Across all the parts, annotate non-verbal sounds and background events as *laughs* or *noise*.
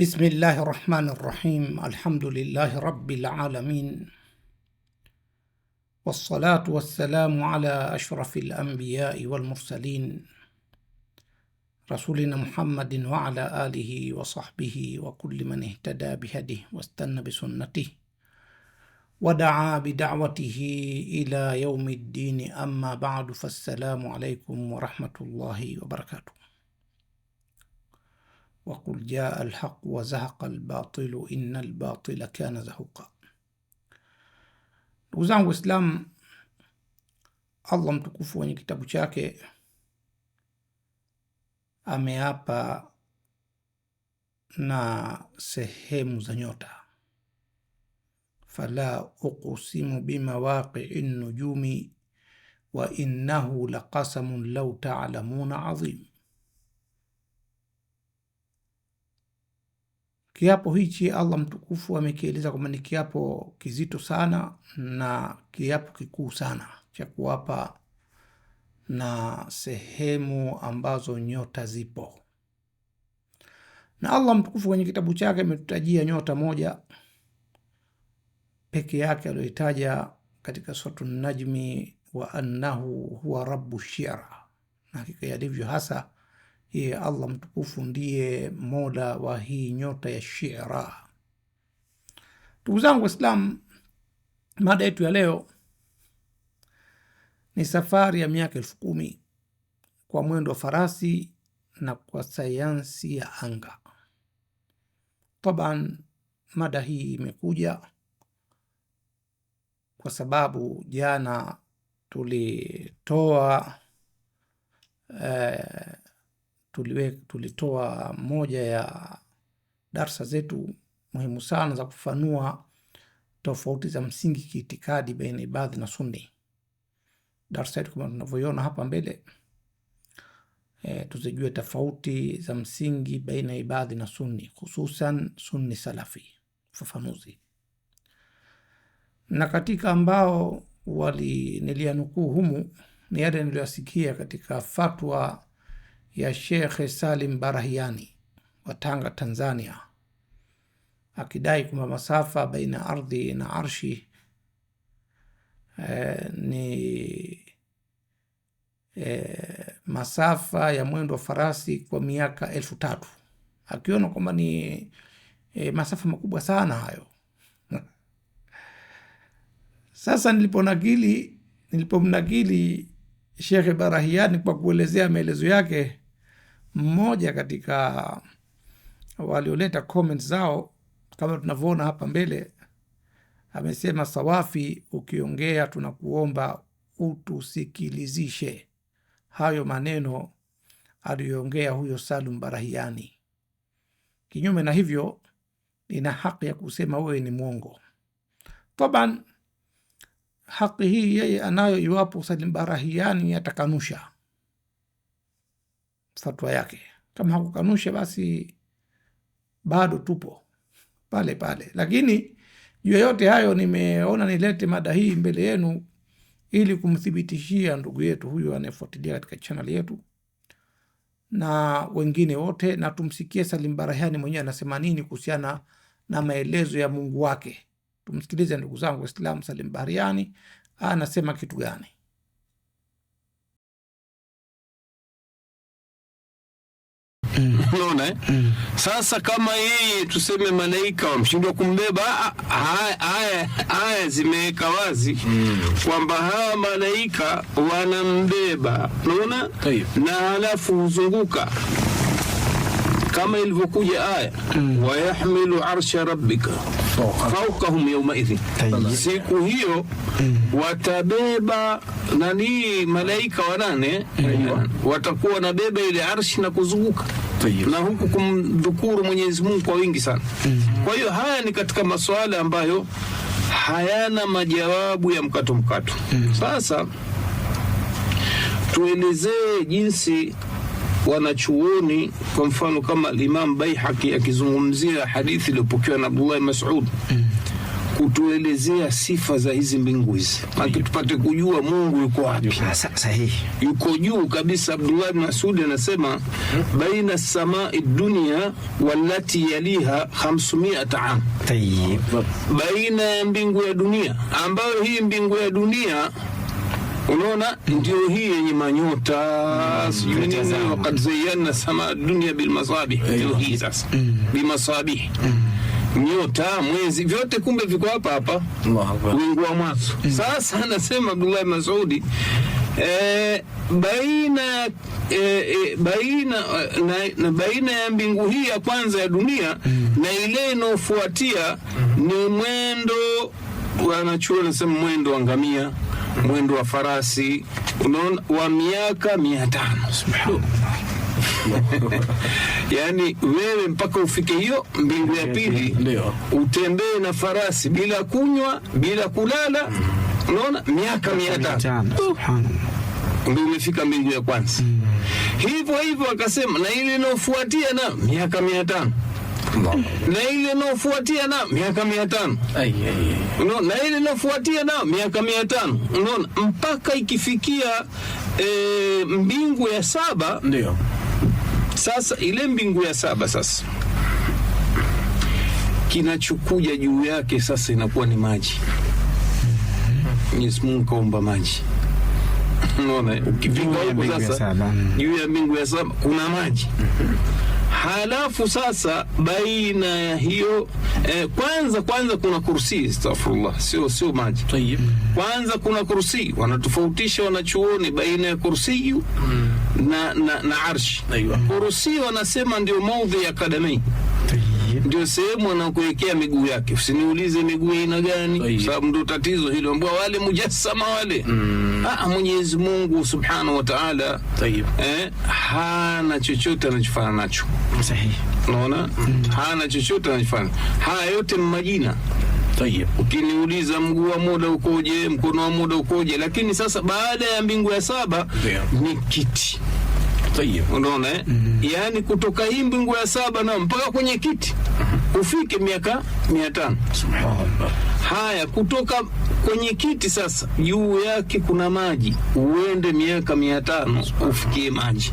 بسم الله الرحمن الرحيم الحمد لله رب العالمين والصلاه والسلام على اشرف الانبياء والمرسلين رسولنا محمد وعلى اله وصحبه وكل من اهتدى بهده واستنى بسنته ودعا بدعوته الى يوم الدين اما بعد فالسلام عليكم ورحمه الله وبركاته وقل جاء الحق وزهق الباطل إن الباطل كان زهوقا. Ndugu zangu Waislamu, Allah mtukufu wenye kitabu chake ameapa na sehemu za nyota, fala uqsimu bimawaqi'i nnujumi wa innahu laqasamun law ta'lamuna adhim Kiapo hichi Allah mtukufu amekieleza kwamba ni kiapo kizito sana na kiapo kikuu sana cha kuapa na sehemu ambazo nyota zipo, na Allah mtukufu kwenye kitabu chake ametutajia nyota moja peke yake aliyoitaja katika Suratu Najmi, wa annahu huwa rabbu shira, na hakika yalivyo hasa ye Allah mtukufu ndiye mola wa hii nyota ya Shira. Ndugu zangu Waislamu, mada yetu ya leo ni safari ya miaka elfu kumi kwa mwendo wa farasi na kwa sayansi ya anga. Taban, mada hii imekuja kwa sababu jana tulitoa eh, tuliwe, tulitoa moja ya darsa zetu muhimu sana za kufanua tofauti za msingi kiitikadi baina Ibadhi na Sunni. Darsa yetu kama tunavyoiona hapa mbele e, tuzijue tofauti za msingi baina Ibadhi na Sunni, hususan Sunni Salafi. Ufafanuzi na katika ambao wali niliyanukuu humu ni yale niliyoyasikia katika fatwa ya Sheikh Salim Barahiani wa Tanga, Tanzania, akidai kwamba masafa baina ardhi na arshi eh, ni eh, masafa ya mwendo wa farasi kwa miaka elfu tatu akiona kwamba ni eh, masafa makubwa sana hayo. *laughs* Sasa niliponakili nilipomnakili Shekhe Barahiani kwa kuelezea maelezo yake mmoja katika walioleta comments zao kama tunavyoona hapa mbele amesema Sawafi, ukiongea tunakuomba utusikilizishe. Hayo maneno aliyoongea huyo Salum Barahiani. Kinyume na hivyo, nina haki ya kusema wewe ni mwongo. Taban haki hii yeye anayo, iwapo Salim Barahiani atakanusha fatwa yake. Kama hakukanusha basi bado tupo pale pale, lakini juu ya yote hayo nimeona nilete mada hii mbele yenu ili kumthibitishia ndugu yetu huyu anayefuatilia katika channel yetu na wengine wote, na tumsikie Salim Barahani mwenyewe anasema nini kuhusiana na maelezo ya Mungu wake. Tumsikilize ndugu zangu Waislamu, Salim Barahani anasema kitu gani? unaona mm. Eh? Sasa kama yeye tuseme malaika wamshindwa kumbeba, haya haya zimeweka wazi kwamba hawa malaika wanambeba, unaona, na halafu huzunguka kama ilivyokuja aya mm. wayahmilu arsha rabbika faukahum yaumaidhin, siku hiyo mm. watabeba nani, malaika wanane mm. watakuwa wanabeba ile arshi na kuzunguka na huku kumdhukuru Mwenyezi Mungu kwa wingi sana. Mm-hmm. Kwa hiyo haya ni katika masuala ambayo hayana majawabu ya mkato mkato. Mm-hmm. Sasa tuelezee jinsi wanachuoni kwa mfano kama Imam Baihaqi akizungumzia hadithi iliyopokewa na Abdullah Mas'ud mm-hmm kutuelezea sifa za hizi mbingu hizi, tupate kujua Mungu yuko wapi. Sahihi, yuko juu kabisa. Abdullah bin Mas'ud anasema hmm, baina samai dunia walati yaliha 500 am, baina ya mbingu ya dunia ambayo hii mbingu ya dunia Unaona, ndio hii yenye manyota wakad zayanna sama dunia bilmasabi, ndio hii sasa mm. bimasabih mm nyota, mwezi, vyote kumbe viko hapa hapa wingu wa mwanzo. Mm. Sasa *laughs* anasema Abdullahi masaudi e, eh, baina e, e, baina na, na baina ya mbingu hii ya kwanza ya dunia mm. na ile inayofuatia mm. ni mwendo wanachuo anasema mwendo wa ngamia mm. mwendo wa farasi unaona, wa miaka mia tano. Subhanallah. *laughs* yani wewe mpaka ufike hiyo mbingu ya pili, utembee na farasi bila kunywa bila kulala, unaona mm. miaka mia tatu ndio umefika mbingu ya kwanza. mm. Hivyo hivyo akasema, na ile inaofuatia na miaka mia tano na ile inaofuatia na miaka mia tano na ile inaofuatia na miaka mia tano unaona, mpaka ikifikia e, mbingu ya saba ndio sasa ile mbingu ya saba sasa kinachokuja juu yake sasa inakuwa ni maji. Mwenyezi Mungu kaumba maji, unaona. Ukifika huko sasa mm. juu ya mbingu ya saba kuna maji. Halafu sasa baina ya hiyo eh, kwanza kwanza kuna kursi. Astaghfirullah, sio sio maji. Kwanza kuna kursi, wanatofautisha wanachuoni baina ya kursiyu mm na, na, na arshi. urusi wanasema ndio maudhi ya kadamei ndio sehemu anakuwekea miguu yake. Usiniulize miguu ina gani, sababu ndio tatizo hilo, ambao wale mujassama wale mm. Ah, Mwenyezi Mungu Subhanahu wa Ta'ala eh, hana chochote anachofanya nacho, sahihi. Unaona, mm. hana chochote anachofanya haya yote majina Tayeb. Ukiniuliza mguu wa muda ukoje, mkono wa muda ukoje, lakini sasa baada ya mbingu ya saba ni kiti Unaona eh? Mm. Yaani kutoka hii mbingu ya saba na mpaka kwenye kiti mm-hmm. ufike miaka mia tano. Subhanallah. Haya, kutoka kwenye kiti sasa juu yake kuna maji, uende miaka mia tano ufikie maji.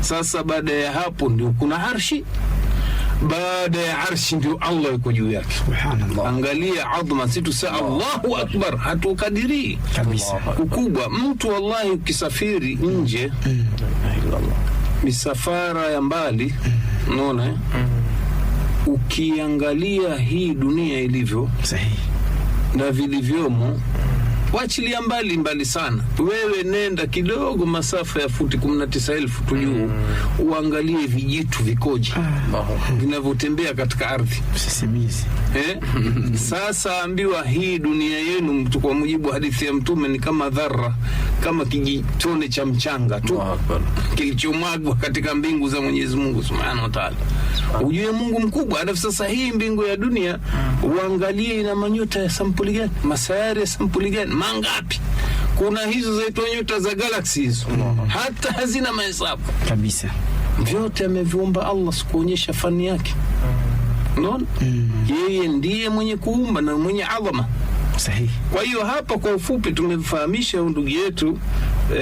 Sasa baada ya hapo ndio kuna arshi baada ya arshi ndio Allah yuko juu yake. Subhanallah, angalia adhma situ sa Allahu akbar, hatukadirii kabisa ukubwa. Mtu wallahi, ukisafiri nje mm. misafara ya mbali, unaona eh? ukiangalia hii dunia ilivyo sahihi na vilivyomo wachilia mbali mbali sana. Wewe nenda kidogo masafa ya futi 19,000 tu juu, mm. uangalie vijitu vikoje ah. vinavyotembea katika ardhi eh? *laughs* Sasa ambiwa hii dunia yenu mtu, kwa mujibu wa hadithi ya Mtume, ni kama dhara, kama kijitone cha mchanga tu kilichomwagwa katika mbingu za Mwenyezi Mungu Subhanahu wa Ta'ala. Ah. Ujue Mungu mkubwa. Alafu sasa hii mbingu ya dunia ah. uangalie ina manyota ya sampuli gani, masayari ya sampuli gani mangapi? Kuna hizo zaitwa nyota za galaxy hizo, hata hazina mahesabu kabisa. Vyote ameviumba Allah, sikuonyesha fani yake. Mm. Unaona, mm. yeye ndiye mwenye kuumba na mwenye adhama. Sahihi. Kwa hiyo hapa kwa ufupi tumemfahamisha ndugu yetu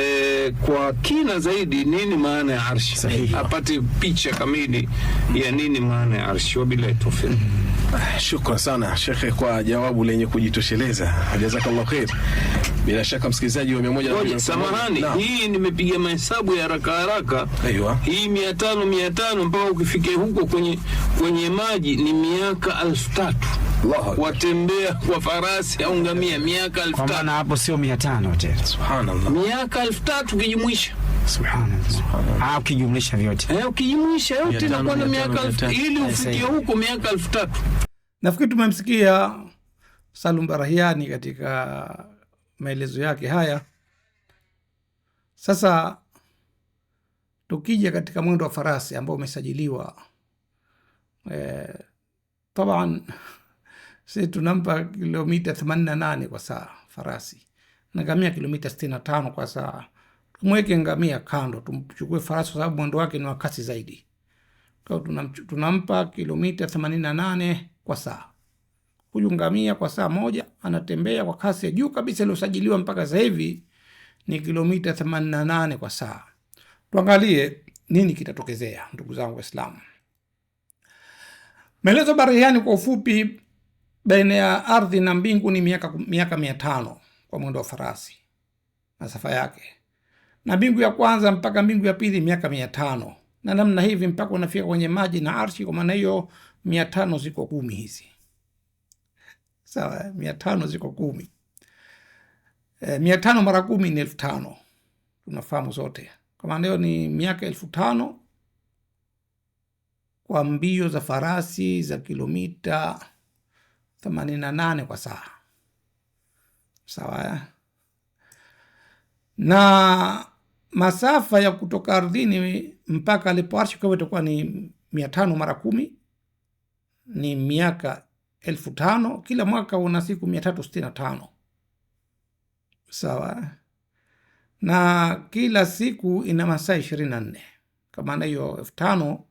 e, kwa kina zaidi nini maana ya arshi, apate picha kamili ya nini maana ya arshi. Wabillahi tawfiq. Mm. Shukran sana shekhe kwa jawabu lenye kujitosheleza, jazakallahu khair. Bila shaka msikilizaji wa mia moja na samahani, hii nimepiga mahesabu ya haraka haraka, hii mia tano mia tano mpaka ukifike huko kwenye, kwenye maji ni miaka elfu tatu watembea kwa farasi au ngamia miaka elfu tatu. Hapo sio mia tano tena, subhanallah, miaka elfu tatu kijumuisha subhanallah, ah, ukijumlisha vyote eh, ukijumlisha yote inakuwa na miaka ili ufikie huko miaka elfu tatu. Nafikiri tumemsikia Salum Barahiani katika maelezo yake haya. Sasa tukija katika mwendo wa farasi ambao umesajiliwa e, taban *laughs* si tunampa kilomita themanini na nane kwa saa farasi na ngamia kilomita tano kwa saa tumweke ngamia kando, tumchukue farasi kwa sababu mwendo wake ni wa kasi zaidi. Kwa tunampa kilomita themanini na nane kwa saa. Huyu ngamia kwa saa moja anatembea kwa kasi ya juu kabisa iliyosajiliwa mpaka sasa hivi ni kilomita themanini na nane kwa saa. Tuangalie nini kitatokezea, ndugu zangu Waislamu. Maelezo bariani kwa ufupi, baina ya ardhi na mbingu ni miaka miaka mia tano kwa mwendo wa farasi, masafa yake na mbingu ya kwanza mpaka mbingu ya pili miaka mia tano na namna hivi mpaka unafika kwenye maji na arshi. Kwa maana hiyo mia tano ziko kumi hizi, sawa? Mia tano ziko kumi. E, mia tano mara kumi ni elfu tano tunafahamu zote. Kwa maana hiyo ni miaka elfu tano kwa mbio za farasi za kilomita themanini na nane kwa saa, sawa eh? na masafa ya kutoka ardhini mpaka alipo arshi kwa hivyo itakuwa ni mia tano mara kumi ni miaka elfu tano kila mwaka una siku mia tatu sitini na tano sawa na kila siku ina masaa ishirini na nne kwa maana hiyo elfu tano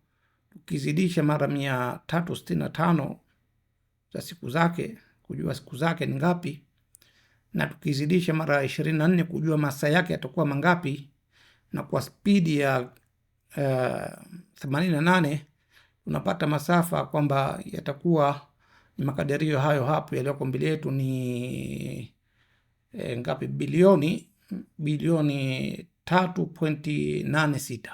tukizidisha mara mia tatu sitini na tano za siku zake kujua siku zake ni ngapi na tukizidisha mara ishirini na nne kujua masaa yake yatakuwa mangapi na kwa spidi ya uh, themanini na nane unapata masafa kwamba yatakuwa ni makadirio hayo hapo yaliyoko mbele yetu ni e, ngapi? Bilioni bilioni tatu pointi nane sita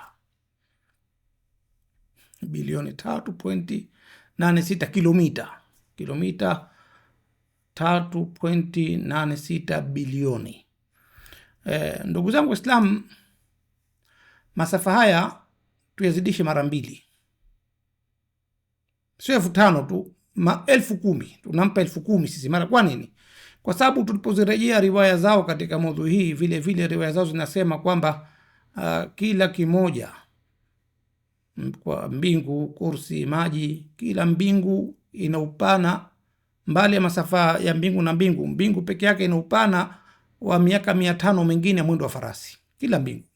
bilioni tatu pointi nane sita kilomita kilomita tatu pointi nane sita bilioni. E, ndugu zangu Waislamu masafa haya tuyazidishe mara mbili, sio elfu tano tu, ma elfu kumi tunampa elfu kumi sisi mara. Kwa nini? Kwa sababu tulipozirejea riwaya zao katika modhu hii, vile vile riwaya zao zinasema kwamba uh, kila kimoja mm, kwa mbingu, kursi, maji, kila mbingu ina upana mbali ya masafa ya mbingu na mbingu, mbingu peke yake ina upana wa miaka mia tano mingine mwendo wa farasi, kila mbingu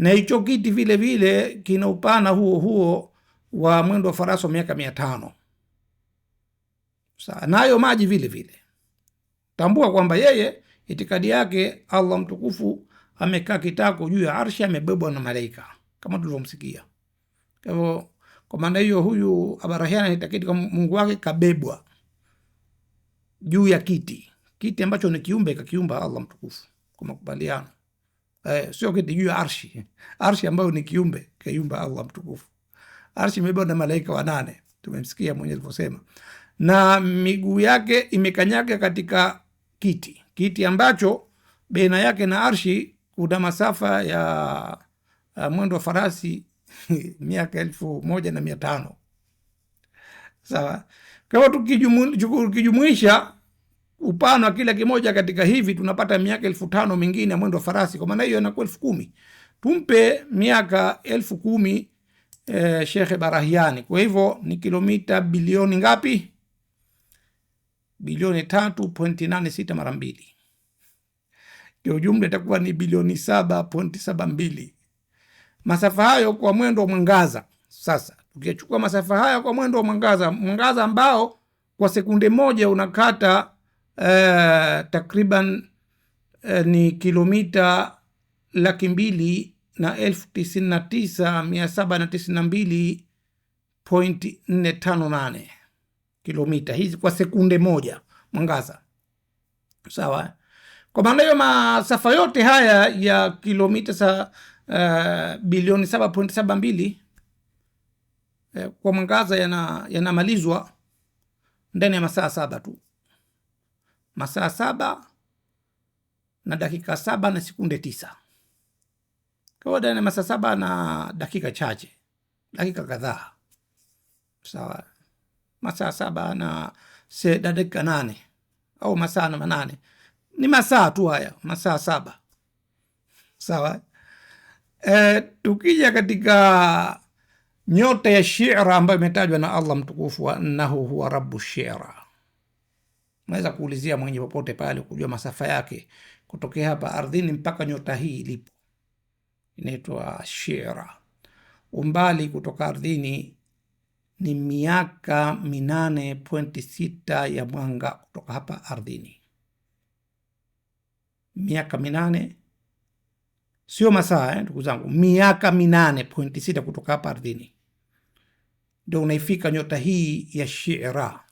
na hicho kiti vile vile kina upana huo huo wa mwendo wa farasi wa miaka mia tano sawa. Nayo maji vile vile, tambua kwamba yeye itikadi yake Allah mtukufu amekaa kitako juu ya arshi, amebebwa na malaika kama tulivyomsikia. Kwa hivyo kwa maana hiyo, huyu Abarahiana itikadi kwa Mungu wake kabebwa juu ya kiti, kiti ambacho ni kiumbe kakiumba Allah mtukufu kwa makubaliano eh, sio kiti juu ya arshi. Arshi ambayo ni kiumbe kiumba Allah mtukufu. Arshi imebeba na malaika wanane, tumemsikia mwenyewe alivyosema, na miguu yake imekanyaga katika kiti, kiti ambacho baina yake na arshi kuna masafa ya eh, mwendo wa farasi *laughs* miaka elfu moja na mia tano sawa. Kwa hiyo tukijumuisha upano wa kila kimoja katika hivi tunapata miaka elfu tano mingine ya mwendo wa farasi. Kwa maana hiyo inakuwa elfu kumi. Tumpe miaka elfu kumi eh, Shekhe Barahiani. Kwa hivyo ni kilomita bilioni ngapi? Bilioni tatu pointi nane sita mara mbili, kiujumla itakuwa ni bilioni saba pointi saba mbili. Masafa hayo kwa mwendo wa mwangaza. Sasa tukiachukua masafa haya kwa mwendo wa mwangaza, mwangaza ambao kwa sekunde moja unakata eh, takriban eh, ni kilomita laki mbili na elfu tisini na tisa mia saba na tisini na mbili point nne tano nane kilomita hizi kwa sekunde moja mwangaza sawa kwa maana hiyo masafa yote haya ya kilomita sa uh, bilioni saba point saba mbili eh, kwa mwangaza yanamalizwa yana ndani ya masaa saba tu masaa saba na dakika saba na sekunde tisa kwa masaa saba na dakika chache dakika kadhaa sawa masaa saba na se, dakika nane au masaa na manane ni masaa tu haya masaa saba sawa e, tukija katika nyota ya shira ambayo imetajwa na allah mtukufu wa annahu huwa rabu shira Unaweza kuulizia mwenye popote pale kujua masafa yake kutokea hapa ardhini mpaka nyota hii ilipo, inaitwa Shira. Umbali kutoka ardhini ni miaka minane pointi sita ya mwanga kutoka hapa ardhini. Miaka minane sio masaa eh, ndugu zangu, miaka minane pointi sita kutoka hapa ardhini ndio unaifika nyota hii ya Shira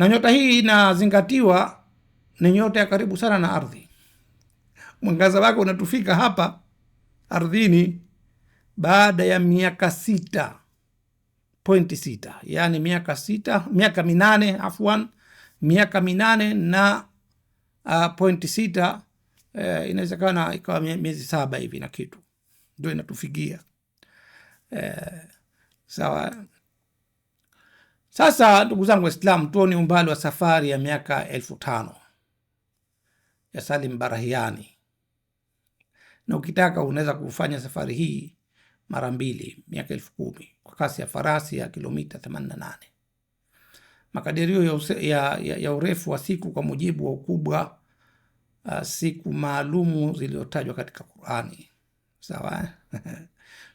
na nyota hii inazingatiwa ni nyota ya karibu sana na ardhi. Mwangaza wake unatufika hapa ardhini baada ya miaka sita pointi sita yaani miaka sita miaka minane afwan miaka minane na uh, ah, pointi sita eh, inawezekana ikawa miezi saba hivi na kitu ndio inatufikia eh, sawa sasa ndugu zangu Waislamu, tuoni umbali wa safari ya miaka elfu tano ya Salim Barahiani, na ukitaka unaweza kufanya safari hii mara mbili, miaka elfu kumi kwa kasi ya farasi ya kilomita 88. Makadirio ya, ya, ya, ya urefu wa siku kwa mujibu wa ukubwa uh, siku maalumu zilizotajwa katika Qurani. Sawa, eh? *laughs*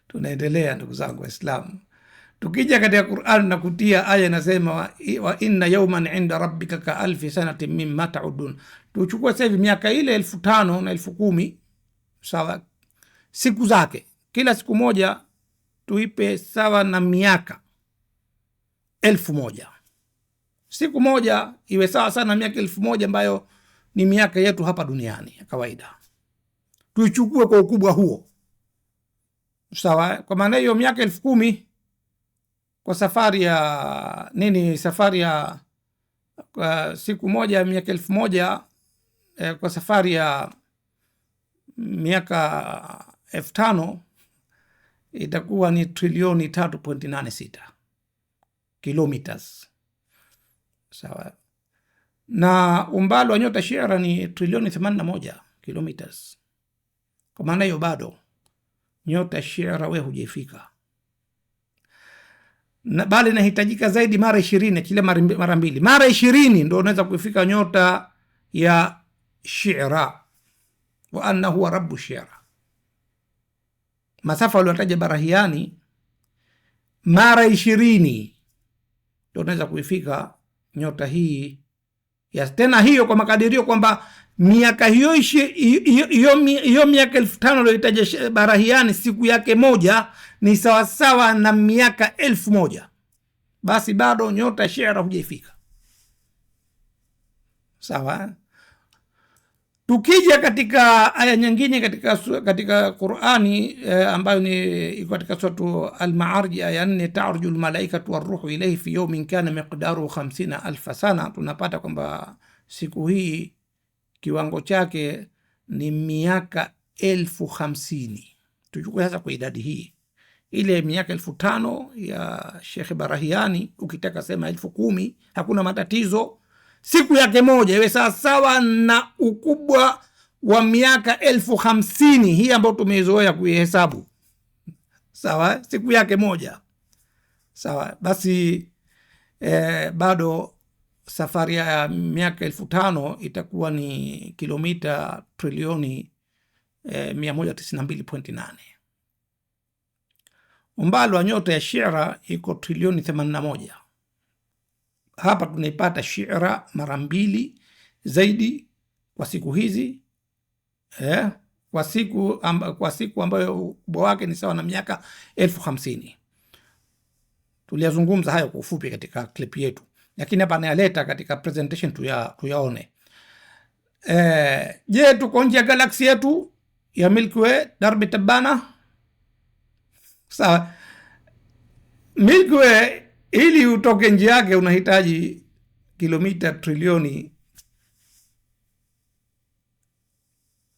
tunaendelea ndugu zangu Waislamu. Tukija katika Quran na kutia aya inasema wa, wa inna yauman inda rabbika ka alfi sanatin mimma taudun, tuchukua sasa hivi miaka ile elfu tano na elfu kumi sawa, siku zake kila siku moja tuipe sawa na miaka elfu moja siku moja iwe sawa sana na miaka elfu moja ambayo ni miaka yetu hapa duniani ya kawaida, tuichukue kwa ukubwa huo sawa. Kwa maana hiyo miaka elfu kumi kwa safari ya nini, safari ya kwa siku moja miaka elfu moja eh, kwa safari ya miaka elfu tano itakuwa ni trilioni tatu point nane sita kilomitas sawa, na umbali wa nyota Shira ni trilioni themanini na moja kilomitas Kwa maana hiyo bado nyota Shira we hujaifika na bali inahitajika zaidi mara ishirini, achilia mara mbili, mara ishirini ndo unaweza kuifika nyota ya shira, wa anna huwa rabu shira. Masafa waliotaja Barahiani mara ishirini ndo unaweza kuifika nyota hii yes, tena hiyo kwa makadirio kwamba miaka hiyo hiyo miaka elfu tano aliyoitaja Barahiani siku yake moja ni sawasawa na miaka elfu moja basi bado nyota shera hujaifika sawa Tukija katika aya nyingine katika, katika Qurani eh, ambayo ni iko katika suratu Almaarji aya nne, taruju lmalaikatu waruhu ilaihi fi yaumin kana miqdaruhu hamsina alfa sana. Tunapata kwamba siku hii kiwango chake ni miaka elfu hamsini. Tuchukue sasa kwa idadi hii ile miaka elfu tano ya shekhe Barahiani, ukitaka sema elfu kumi hakuna matatizo siku yake moja iwe sawasawa na ukubwa wa miaka elfu hamsini hii ambayo tumezoea kuihesabu sawa, siku yake moja sawa. Basi eh, bado safari ya miaka elfu tano itakuwa ni kilomita trilioni eh, mia moja tisini na mbili pointi nane. Umbali wa nyota ya Shira iko trilioni themanini na moja hapa tunaipata shira mara mbili zaidi kwa siku hizi eh, kwa siku amba, kwa siku ambayo ukubwa wake ni sawa na miaka elfu hamsini. Tuliyazungumza hayo kwa ufupi katika clip yetu, lakini hapa anayaleta katika presentation tuya, tuyaone. Eh, je, tuko nje ya galaksi yetu ya Milky Way darbi tabana sawa Milky Way ili utoke nje yake unahitaji kilomita trilioni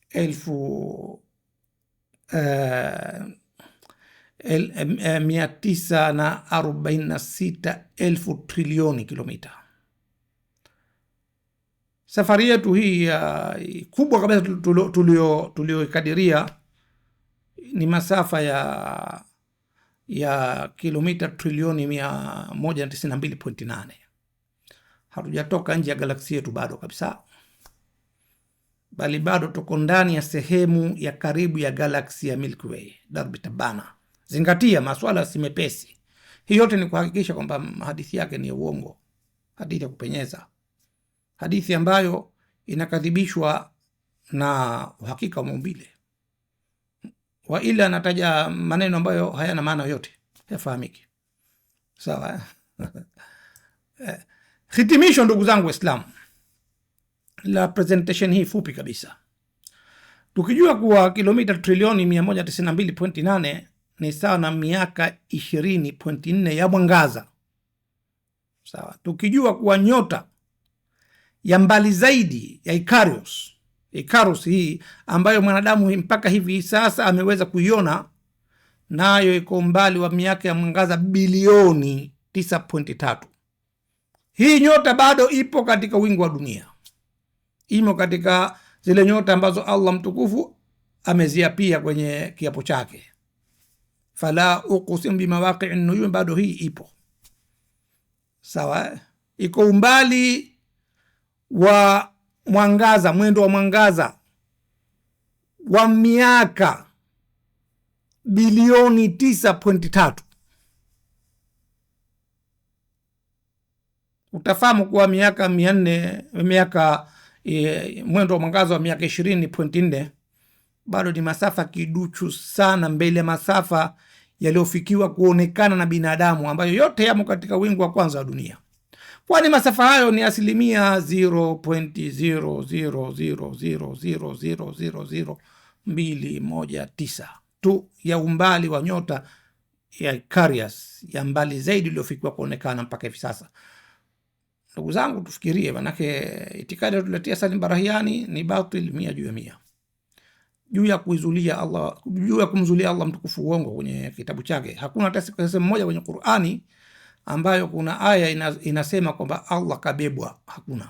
elfu uh, el, eh, mia tisa na arobaini na sita elfu trilioni kilomita. Safari yetu hii uh, kubwa kabisa tulioikadiria tulio, tulio ni masafa ya ya kilomita trilioni 192.8. Hatujatoka nje ya galaksi yetu bado kabisa, bali bado tuko ndani ya sehemu ya karibu ya galaksi ya Milky Way, darbi tabana. Zingatia, maswala si mepesi. Hii yote ni kuhakikisha kwamba hadithi yake ni ya uongo, hadithi ya kupenyeza, hadithi ambayo inakadhibishwa na uhakika wa maumbile wa ila anataja maneno ambayo hayana maana yoyote, yafahamiki sawa. *laughs* Eh, hitimisho, ndugu zangu Waislamu, la presentation hii fupi kabisa, tukijua kuwa kilomita trilioni 192.8 ni sawa na miaka 20.4 ya mwangaza sawa, tukijua kuwa nyota ya mbali zaidi ya Icarus Icarus hii ambayo mwanadamu mpaka hivi sasa ameweza kuiona, nayo iko umbali wa miaka ya mwangaza bilioni 9.3. Hii nyota bado ipo katika wingi wa dunia, imo katika zile nyota ambazo Allah mtukufu ameziapia kwenye kiapo chake, fala uqsim bimawaqii nuyum, bado hii ipo sawa, iko umbali wa mwangaza, mwendo wa mwangaza wa miaka bilioni tisa utafahamu kuwa miaka mia nne miaka e, mwendo wa mwangaza wa miaka ishirini nne bado ni masafa kiduchu sana mbele ya masafa yaliyofikiwa kuonekana na binadamu ambayo yote yamo katika wingu wa kwanza wa dunia kwani masafa hayo ni asilimia 0.00000000219 tu ya umbali wa nyota ya Carius ya mbali zaidi iliyofikiwa kuonekana mpaka hivi sasa. Ndugu zangu, tufikirie, manake itikadi yatuletea Salim Barahiani ni batil mia juu ya mia juu ya kuizulia Allah, juu ya kumzulia Allah mtukufu uongo kwenye kitabu chake. Hakuna hata siku sehemu moja kwenye Qurani ambayo kuna aya inasema kwamba Allah kabebwa, hakuna.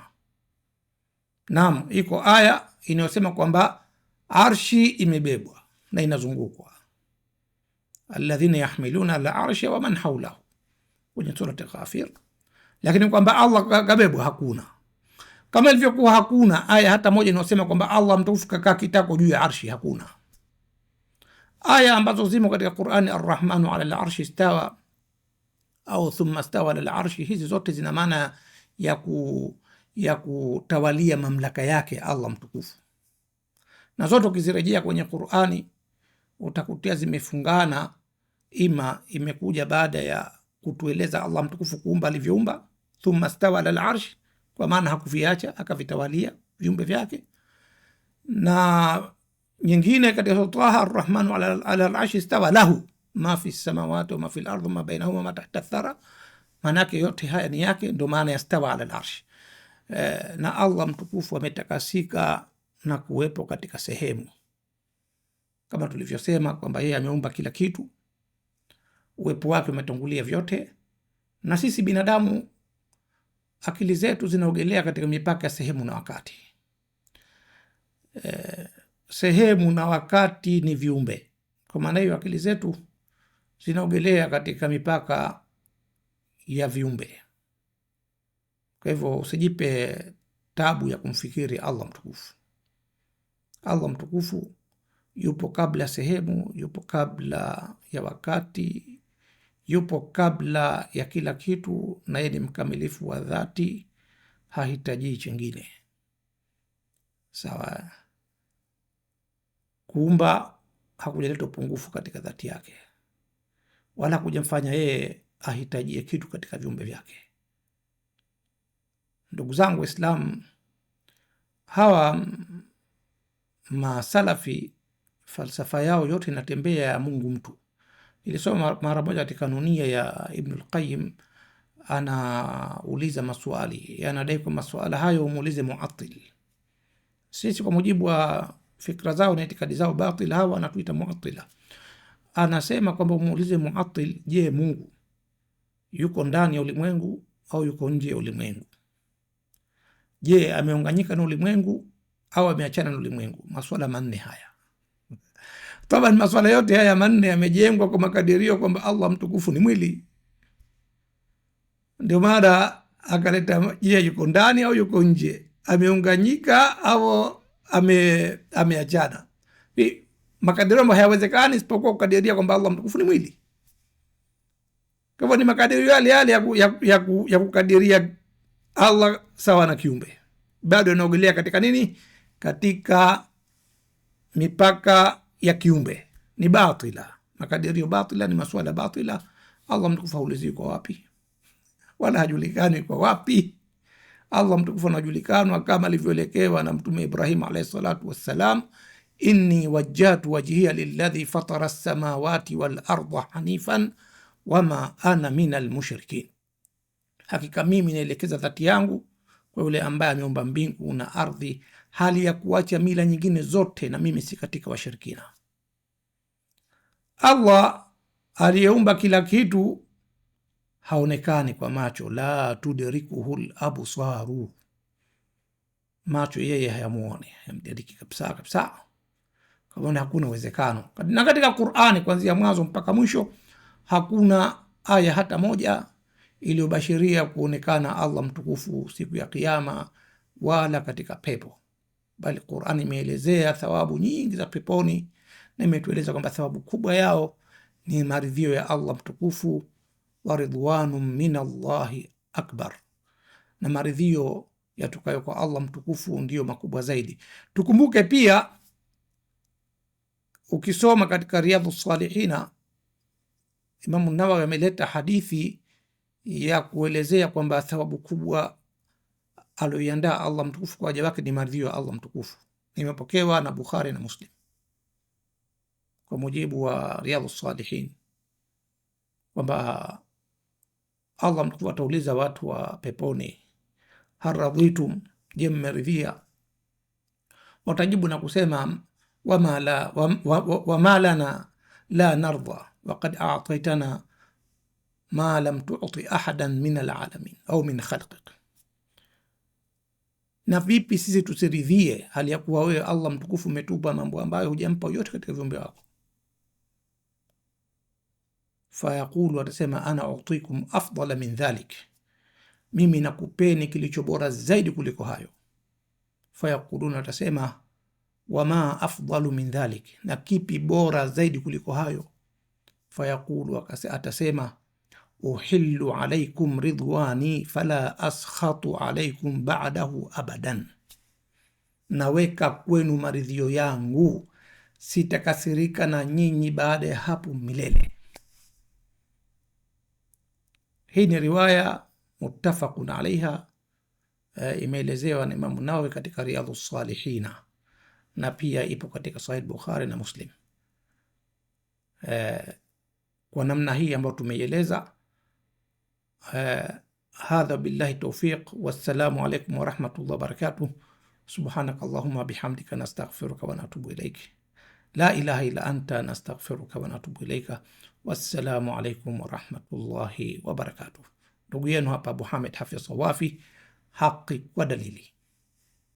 Naam, iko aya inayosema kwamba arshi imebebwa na inazungukwa, alladhina yahmiluna la arshi wa man haulahu, kwenye surati Ghafir. Lakini kwamba Allah kabebwa hakuna, kama ilivyokuwa hakuna aya hata moja inayosema kwamba Allah mtukufu kakaa kitako juu ya arshi, hakuna. Aya ambazo zimo katika Qurani, arrahmanu ala larshi stawa au thumma stawa ala larshi, hizi zote zina maana ya, ku, ya kutawalia mamlaka yake Allah mtukufu, na zote ukizirejea kwenye Qurani utakutia zimefungana, ima imekuja baada ya kutueleza Allah mtukufu kuumba alivyoumba, thumma stawa ala kwa maana hakuviacha akavitawalia viumbe vyake, na nyingine katika Taha arrahmanu ala arshi stawa lahu ma fi samawati wama fi lardhi wama bainahuma ma tahta thara, maanake yote haya ni yake, ndo maana ya stawa ala larshi. E, eh, na Allah mtukufu ametakasika na kuwepo katika sehemu kama tulivyosema kwamba yeye ameumba kila kitu, uwepo wake umetangulia vyote, na sisi binadamu akili zetu zinaogelea katika mipaka ya sehemu na wakati. E, sehemu na wakati ni viumbe. Kwa maana hiyo akili zetu zinaogelea katika mipaka ya viumbe. Kwa hivyo usijipe tabu ya kumfikiri Allah mtukufu. Allah mtukufu yupo kabla sehemu, yupo kabla ya wakati, yupo kabla ya kila kitu, na yeye ni mkamilifu wa dhati, hahitaji chengine. Sawa, kuumba hakujaleta upungufu katika dhati yake wala kujamfanya yeye ahitajie kitu katika viumbe vyake. Ndugu zangu Waislamu, hawa masalafi falsafa yao yote inatembea ya Mungu mtu. Nilisoma mara moja katika Nunia ya Ibnul Qayyim, anauliza maswali, anadai kwa maswala hayo umuulize Muatil. Sisi kwa mujibu wa fikra zao na itikadi zao batil, hawa anatuita Muatila anasema kwamba umuulize Muatil, je, Mungu yuko ndani ya ulimwengu au yuko nje ya ulimwengu? Je, ameunganyika na ulimwengu au ameachana na ulimwengu? Maswala manne haya taban, maswala yote haya manne yamejengwa kwa makadirio kwamba Allah mtukufu ni mwili. Ndio maana akaleta, je, yuko ndani au yuko nje? Ameunganyika au ame ameachana? makadirio ambayo hayawezekani isipokuwa kukadiria kwamba Allah mtukufu ni mwili. Kwa hivyo ni makadirio yale yale ya, ya, ya, ya kukadiria Allah sawa na kiumbe, bado yanaogelea katika nini? Katika mipaka ya kiumbe, ni batila. Makadirio batila ni masuala batila. Allah mtukufu haulizii kwa wapi wala hajulikani kwa wapi. Allah mtukufu anajulikanwa kama alivyoelekewa na Mtume Ibrahim alaihi salatu wassalam inni wajjahtu wajhiya lilladhi fatara lsamawati walarda hanifan wama ana min almushrikin, hakika mimi naelekeza dhati yangu kwa yule ambaye ameumba mbingu na ardhi, hali ya kuacha mila nyingine zote, na mimi si katika washirikina. Allah aliyeumba kila kitu haonekani kwa macho, la tudrikuhu labsaru, macho yeye hayamuone, hayamdiriki kabisa kabisa Ona hakuna uwezekano. Na katika Qur'ani kuanzia mwanzo mpaka mwisho hakuna aya hata moja iliyobashiria kuonekana Allah mtukufu siku ya Kiyama wala katika pepo, bali Qur'ani imeelezea thawabu nyingi za peponi na imetueleza kwamba thawabu kubwa yao ni maridhio ya Allah mtukufu, wa ridwanu min Allahi akbar, na maridhio yatokayo kwa Allah mtukufu ndiyo makubwa zaidi. Tukumbuke pia ukisoma katika Riyadhu Salihina, Imamu Nawawi ameleta hadithi ya kuelezea kwamba thawabu kubwa alioiandaa Allah mtukufu kwa waja wake ni maridhio ya Allah mtukufu. Imepokewa na Bukhari na Muslim kwa mujibu wa Riyadhu Salihin kwamba Allah mtukufu atauliza watu wa peponi, haradhitum, je, mmeridhia? Watajibu na kusema وما la, وما لنا لا نرضى وقد nardha wakad لم ma lam tuti العالمين min alalamin au min na vipi sisi tusiridhie hali ya kuwa wewe Allah mtukufu umetupa mambo ambayo hujampa yote katika viumbe wako. Fayaqulu, atasema ana utikum afdala min dhalik, mimi nakupeni kilicho bora zaidi kuliko hayo. Fayaquluna, atasema wama afdalu min dhalik, na kipi bora zaidi kuliko hayo? Fayaqulu, atasema uhillu alaikum ridwani fala askhatu alaikum ba'dahu abadan, naweka kwenu maridhio yangu, sitakasirika na nyinyi baada ya hapo milele. Hii ni riwaya muttafaqun alaiha, eh, imeelezewa na Imamu Nawawi katika Riyadhu Salihina na pia ipo katika Sahih Bukhari na Muslim. E, kwa namna hii ambayo tumeieleza. E, hadha billahi tawfiq. Wassalamu alaikum warahmatullahi wabarakatuh. Subhanaka allahumma bihamdika nastaghfiruka wa natubu ilaik. La ilaha illa anta nastaghfiruka wa natubu ilaika. Wassalamu alaikum warahmatullahi wabarakatuh. Ndugu yenu hapa Abu Hamid Hafidh Sawafi, haki kwa dalili.